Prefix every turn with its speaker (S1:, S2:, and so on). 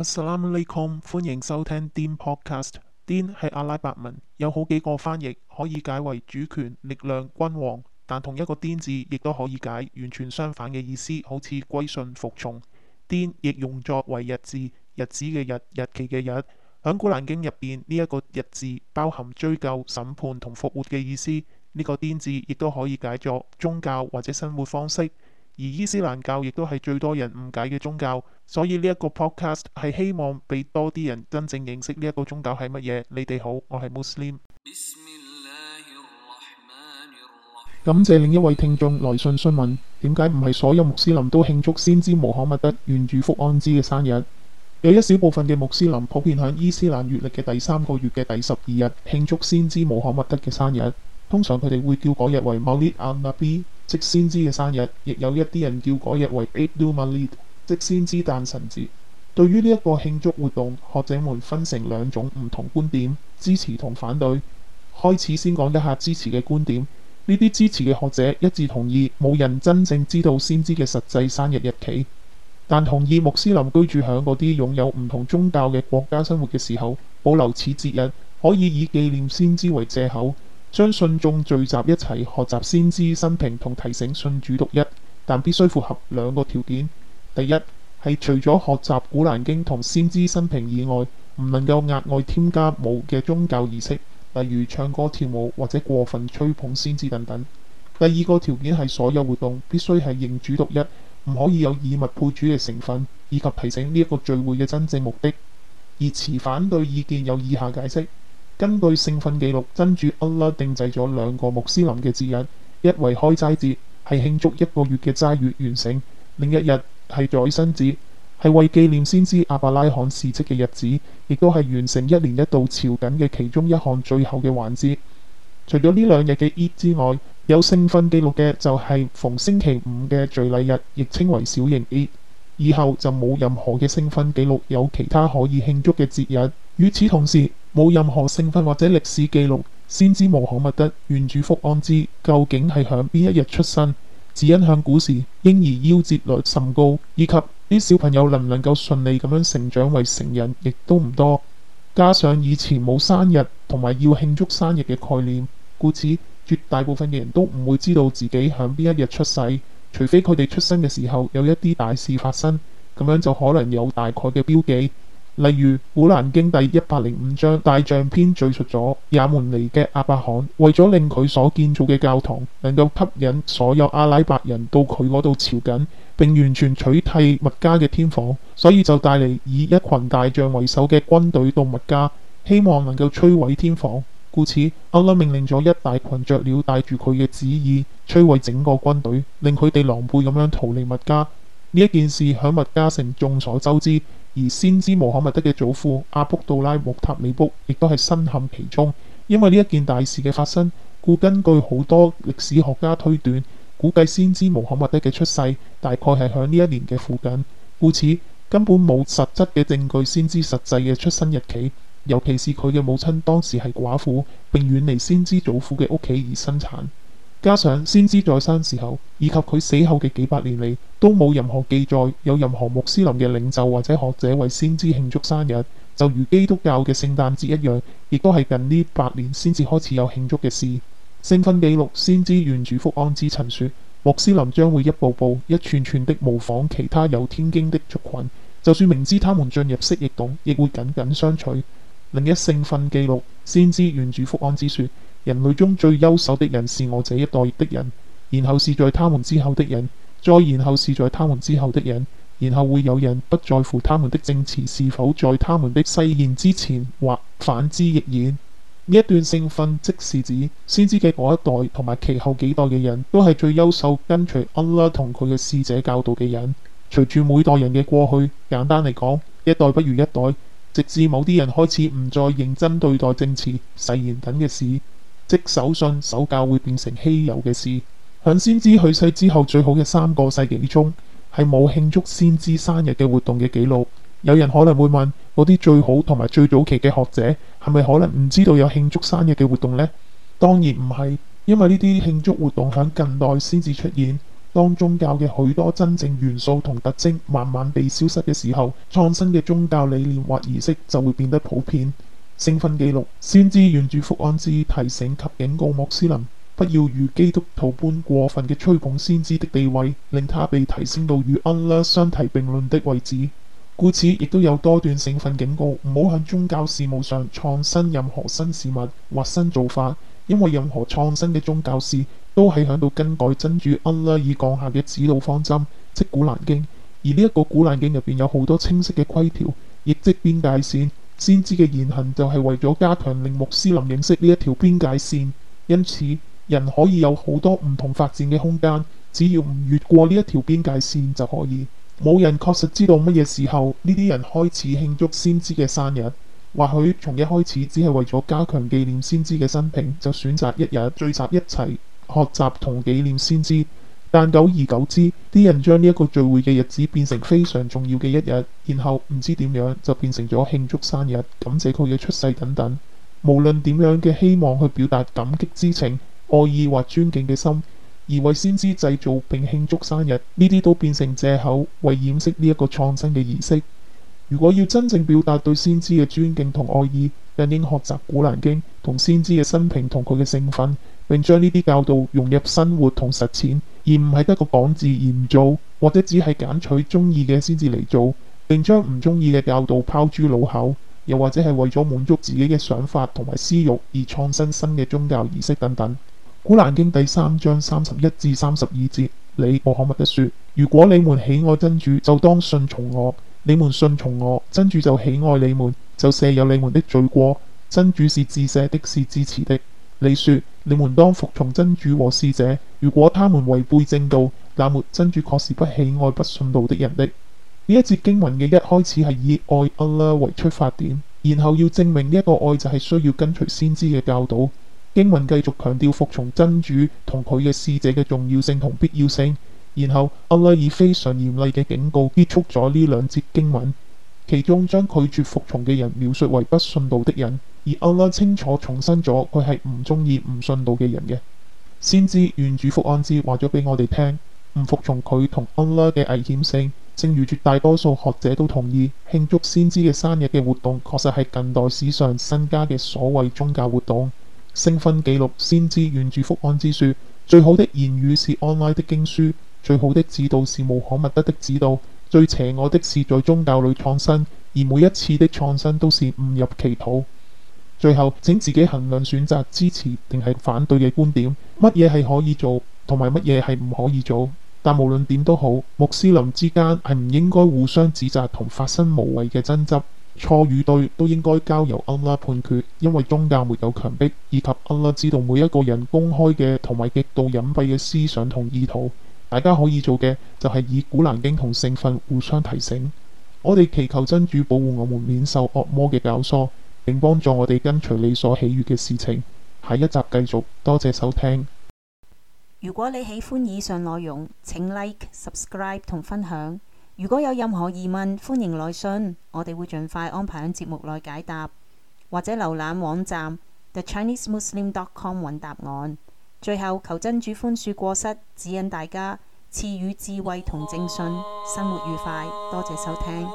S1: Assalamualaikum，歡迎收聽 Din Podcast。Din 係阿拉伯文，有好幾個翻譯，可以解為主權、力量、君王，但同一個 Din 字亦都可以解完全相反嘅意思，好似歸順、服從。Din 亦用作為日字，日子嘅日、日期嘅日。喺古蘭經入邊，呢一個日字包含追究、審判同復活嘅意思。呢個 Din 字亦都可以解作宗教或者生活方式。而伊斯蘭教亦都係最多人誤解嘅宗教，所以呢一個 podcast 係希望俾多啲人真正認識呢一個宗教係乜嘢。你哋好，我係穆斯林。感謝另一位聽眾來信詢問，點解唔係所有穆斯林都慶祝先知穆罕默德願主福安之嘅生日？有一小部分嘅穆斯林普遍響伊斯蘭月曆嘅第三個月嘅第十二日慶祝先知穆罕默德嘅生日，通常佢哋會叫嗰日為 Mawlid An Nabi。即先知嘅生日，亦有一啲人叫嗰日為 Aidul Maulid 即先知誕辰節。對於呢一個慶祝活動，學者們分成兩種唔同觀點，支持同反對。開始先講一下支持嘅觀點。呢啲支持嘅學者一致同意，冇人真正知道先知嘅實際生日日期，但同意穆斯林居住喺嗰啲擁有唔同宗教嘅國家生活嘅時候，保留此節日可以以紀念先知為借口。將信眾聚集一齊學習先知生平同提醒信主獨一，但必須符合兩個條件。第一係除咗學習古蘭經同先知生平以外，唔能夠額外添加冇嘅宗教儀式，例如唱歌跳舞或者過分吹捧先知等等。第二個條件係所有活動必須係認主獨一，唔可以有以物配主嘅成分，以及提醒呢一個聚會嘅真正目的。而持反對意見有以下解釋。根據聖訓記錄，真主阿拉定制咗兩個穆斯林嘅節日，一為開齋節，係慶祝一個月嘅齋月完成；另一日係宰牲節，係為紀念先知阿伯拉罕事跡嘅日子，亦都係完成一年一度朝覲嘅其中一項最後嘅環節。除咗呢兩日嘅 E 之外，有聖訓記錄嘅就係逢星期五嘅聚禮日，亦稱為小型 E。以後就冇任何嘅聖訓記錄，有其他可以慶祝嘅節日。與此同時，冇任何聖訓或者歷史記錄，先知穆罕默德，願主福安之，究竟係響邊一日出生？只因向古時嬰兒夭折率甚高，以及啲小朋友能唔能夠順利咁樣成長為成人，亦都唔多。加上以前冇生日同埋要慶祝生日嘅概念，故此絕大部分嘅人都唔會知道自己響邊一日出世。除非佢哋出生嘅時候有一啲大事發生，咁樣就可能有大概嘅標記。例如《古蘭經》第一百零五章大象篇敍述咗，也門尼嘅阿伯罕為咗令佢所建造嘅教堂能夠吸引所有阿拉伯人到佢嗰度朝覲，並完全取締麥加嘅天房，所以就帶嚟以一群大象為首嘅軍隊到麥加，希望能夠摧毀天房。故此，歐拉命令咗一大群雀鳥帶住佢嘅旨意，摧毀整個軍隊，令佢哋狼狽咁樣逃離麥加。呢一件事響麥加城眾所周知，而先知穆罕默德嘅祖父阿卜杜拉穆塔里卜亦都係身陷其中。因為呢一件大事嘅發生，故根據好多歷史學家推斷，估計先知穆罕默德嘅出世大概係響呢一年嘅附近。故此，根本冇實質嘅證據先知實際嘅出生日期。尤其是佢嘅母親當時係寡婦，並遠離先知祖父嘅屋企而生產。加上先知在生時候，以及佢死後嘅幾百年嚟，都冇任何記載有任何穆斯林嘅領袖或者學者為先知慶祝生日，就如基督教嘅聖誕節一樣，亦都係近呢百年先至開始有慶祝嘅事。聖訓記錄先知願主福安之陳說，穆斯林將會一步步一串串的模仿其他有天經的族群，就算明知他們進入蜥蜴洞，亦會緊緊相隨。另一聖訓記錄先知願主福安之説，人類中最優秀的人是我這一代的人，然後是在他們之後的人，再然後是在他們之後的人，然後會有人不在乎他們的證詞是否在他們的誓言之前或反之亦然。呢一段聖訓即是指先知嘅嗰一代同埋其後幾代嘅人都係最優秀，跟隨安拉同佢嘅使者教導嘅人。隨住每代人嘅過去，簡單嚟講，一代不如一代。直至某啲人開始唔再認真對待政治、誓言等嘅事，即守信守教會變成稀有嘅事。響先知去世之後最好嘅三個世紀中，係冇慶祝先知生日嘅活動嘅記錄。有人可能會問：「嗰啲最好同埋最早期嘅學者係咪可能唔知道有慶祝生日嘅活動呢？」當然唔係，因為呢啲慶祝活動響近代先至出現。當宗教嘅許多真正元素同特徵慢慢被消失嘅時候，創新嘅宗教理念或儀式就會變得普遍。聖訓記錄先知願主福安之提醒及警告穆斯林，不要如基督徒般過分嘅吹捧先知的地位，令他被提升到與安拉相提並論的位置。故此，亦都有多段聖訓警告唔好向宗教事務上創新任何新事物或新做法，因為任何創新嘅宗教事，都係喺度更改真主安拉，而降下嘅指導方針《即古蘭經》，而呢一個《古蘭經》入邊有好多清晰嘅規條，亦即邊界線。先知嘅言行就係為咗加強令穆斯林認識呢一條邊界線，因此人可以有好多唔同發展嘅空間，只要唔越過呢一條邊界線就可以。冇人確實知道乜嘢時候呢啲人開始慶祝先知嘅生日，或許從一開始只係為咗加強紀念先知嘅生平，就選擇一日聚集一齊。學習同紀念先知，但久而久之，啲人將呢一個聚會嘅日子變成非常重要嘅一日，然後唔知點樣就變成咗慶祝生日、感謝佢嘅出世等等。無論點樣嘅希望去表達感激之情、愛意或尊敬嘅心，而為先知製造並慶祝生日，呢啲都變成藉口，為掩飾呢一個創新嘅儀式。如果要真正表達對先知嘅尊敬同愛意，應學習《古蘭經》同先知嘅生平同佢嘅性分。並將呢啲教導融入生活同實踐，而唔係得個講字而唔做，或者只係揀取中意嘅先至嚟做，並將唔中意嘅教導拋諸腦後，又或者係為咗滿足自己嘅想法同埋私欲而創新新嘅宗教儀式等等。《古蘭經》第三章三十一至三十二節，你穆罕默德説：如果你們喜愛真主，就當信從我；你們信從我，真主就喜愛你們，就赦宥你們的罪過。真主是至赦的，是至慈的。你說你們當服從真主和使者，如果他們違背正道，那末真主確是不喜愛不信道的人的。呢一節經文嘅一開始係以愛阿拉為出發點，然後要證明呢一個愛就係需要跟隨先知嘅教導。經文繼續強調服從真主同佢嘅使者嘅重要性同必要性，然後阿拉以非常嚴厲嘅警告結束咗呢兩節經文。其中將拒絕服從嘅人描述為不信道的人，而安拉清楚重申咗佢係唔中意唔信道嘅人嘅。先知願主福安之話咗俾我哋聽，唔服從佢同安拉嘅危險性，正如絕大多數學者都同意。慶祝先知嘅生日嘅活動，確實係近代史上新加嘅所謂宗教活動。聖訓記錄先知願主福安之說，最好的言語是安拉的經書，最好的指導是穆罕默德的指導。最邪惡的是在宗教裡創新，而每一次的創新都是誤入歧途。最後，請自己衡量選擇支持定係反對嘅觀點，乜嘢係可以做，同埋乜嘢係唔可以做。但無論點都好，穆斯林之間係唔應該互相指責同發生無謂嘅爭執。錯與對都應該交由安拉判決，因為宗教沒有強迫，以及安拉知道每一個人公開嘅同埋極度隱蔽嘅思想同意圖。大家可以做嘅就係、是、以古蘭經同聖訓互相提醒。我哋祈求真主保護我們免受惡魔嘅教唆，並幫助我哋跟隨你所喜悦嘅事情。下一集繼續，多謝收聽。如果你喜歡以上內容，請 like、subscribe 同分享。如果有任何疑問，歡迎來信，我哋會盡快安排喺節目內解答，或者瀏覽網站 thechinesemuslim.com 搵答案。最後，求真主寬恕過失，指引大家。賜予智慧同正信，生活愉快。多謝收聽。